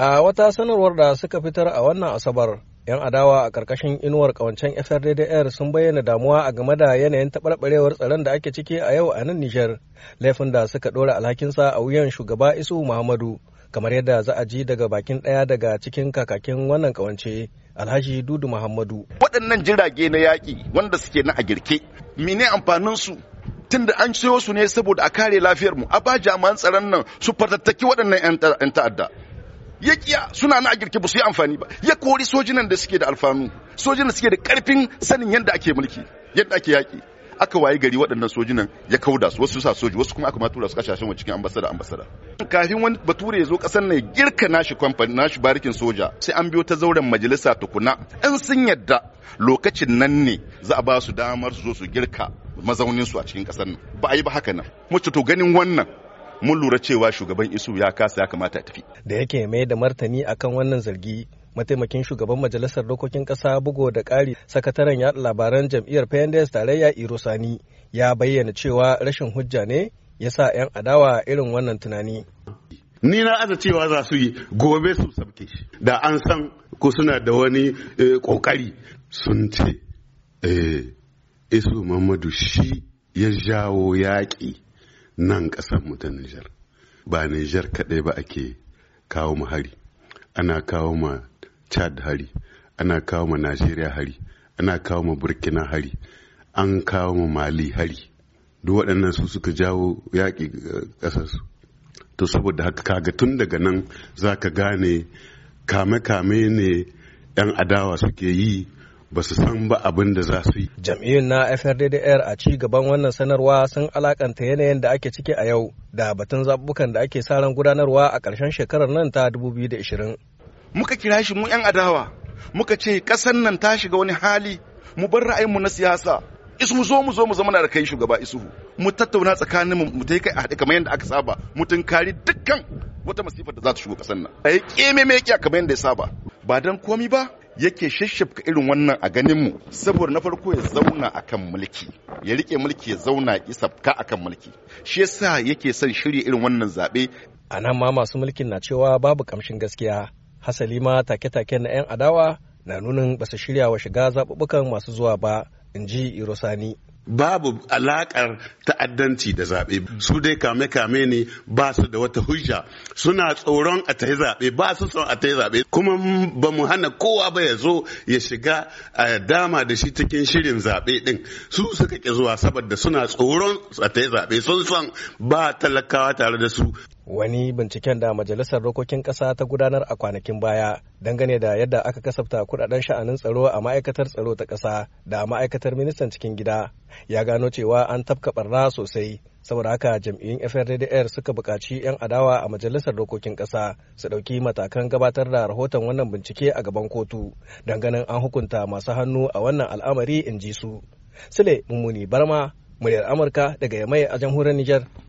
A wata sanarwar da suka fitar a wannan Asabar, 'yan adawa a karkashin inuwar ƙawancen FRDDR sun bayyana damuwa a game da yanayin taɓarɓarewar tsaron da ake ciki a yau a nan Nijar, laifin da suka ɗora alhakinsa a wuyan shugaba Isu Muhammadu, kamar yadda za a ji daga bakin ɗaya daga cikin kakakin wannan ƙawance, Alhaji Dudu Muhammadu. Waɗannan jirage na yaƙi wanda suke na a girke, mene amfaninsu? tun da an siyo su ne saboda a kare lafiyarmu a ba jami'an tsaron nan su fatattaki waɗannan 'yan ta'adda ya kiya suna na girke ba su yi amfani ba ya kori sojinan da suke da alfanu sojinan suke da karfin sanin yadda ake mulki yadda ake yaki aka waye gari waɗannan sojinan ya kauda su wasu sa soji wasu kuma aka ma tura su wa cikin ambasada ambasada kafin wani bature ya zo kasar na girka nashi kamfani nashi barikin soja sai an biyo ta zauren majalisa tukuna in sun yadda lokacin nan ne za a ba su damar su zo su girka mazauninsu a cikin kasar nan ba a yi ba haka nan mu to ganin wannan mun lura cewa shugaban isu ya kasa ya kamata a tafi da yake mai da martani akan wannan zargi mataimakin shugaban majalisar dokokin kasa bugo da ƙari sakataren yaɗa labaran jam'iyyar pendes tarayya iro sani ya bayyana cewa rashin hujja ne ya sa 'yan adawa irin wannan tunani ni na aza cewa za su yi gobe su sabke da an san ko suna da wani kokari eh, sun ce eh, isu mamadu shi ya jawo yaƙi nan ƙasar mu ta Nijar ba Nijar kaɗai ba ake kawo mu hari ana kawo ma Chad hari ana kawo ma Najeriya hari ana kawo ma Burkina hari an kawo ma Mali hari duk waɗannan su suka jawo yaƙi ƙasarsu to saboda haka kaga tun daga nan za ka gane kame-kame ne 'yan adawa suke yi ba su san ba abin da za su yi. Jam'iyyun na FRDDR a ci gaban wannan sanarwa sun alakanta yanayin da ake ciki a yau da batun zab'ukan da ake sa ran gudanarwa a ƙarshen shekarar nan ta 2020. Muka kira shi mu 'yan adawa, muka ce ƙasar nan ta shiga wani hali, mu bar ra'ayin mu na siyasa. Isu mu zo mu zo mu zama na da kai shugaba isuhu. Mu tattauna tsakaninmu mu ta kai a haɗe kamar yadda aka saba, mu tunkari dukkan wata masifar da za ta shigo ƙasar nan. A yi ƙeme me kamar yadda ya saba. Ba dan komi ba, yake shishshifka irin wannan a ganin mu saboda na farko ya zauna akan mulki ya rike mulki ya zauna isafka akan mulki shi yasa yake son shirya irin wannan zaɓe. a nan ma masu mulkin na cewa babu kamshin gaskiya hasali ma take-take na 'yan adawa na nunin ba su shirya wa shiga zaɓuɓɓukan masu zuwa ba in ji irosani babu alakar ta'addanci da zaɓe su dai kame-kame ne ba su da wata hujja suna tsoron a tayi zaɓe ba su son a tayi zaɓe kuma ba mu hana kowa ba ya zo ya shiga a dama da shi cikin shirin zaɓe ɗin su suka ƙi zuwa saboda suna tsoron a tayi zaɓe sun son ba talakawa tare da su wani binciken da majalisar dokokin ƙasa ta gudanar a kwanakin baya dangane da yadda aka kasafta kudaden sha'anin tsaro a ma'aikatar tsaro ta ƙasa da ma'aikatar ministan cikin gida ya gano cewa an tafka barna sosai saboda haka jam'iyyun frdr suka buƙaci 'yan adawa a majalisar dokokin ƙasa su ɗauki matakan gabatar da rahoton wannan bincike a gaban kotu don ganin an hukunta masu hannu a wannan al'amari in ji su. Sule Mummuni Barma, muryar Amurka daga Yamai a jamhuriyar Nijar.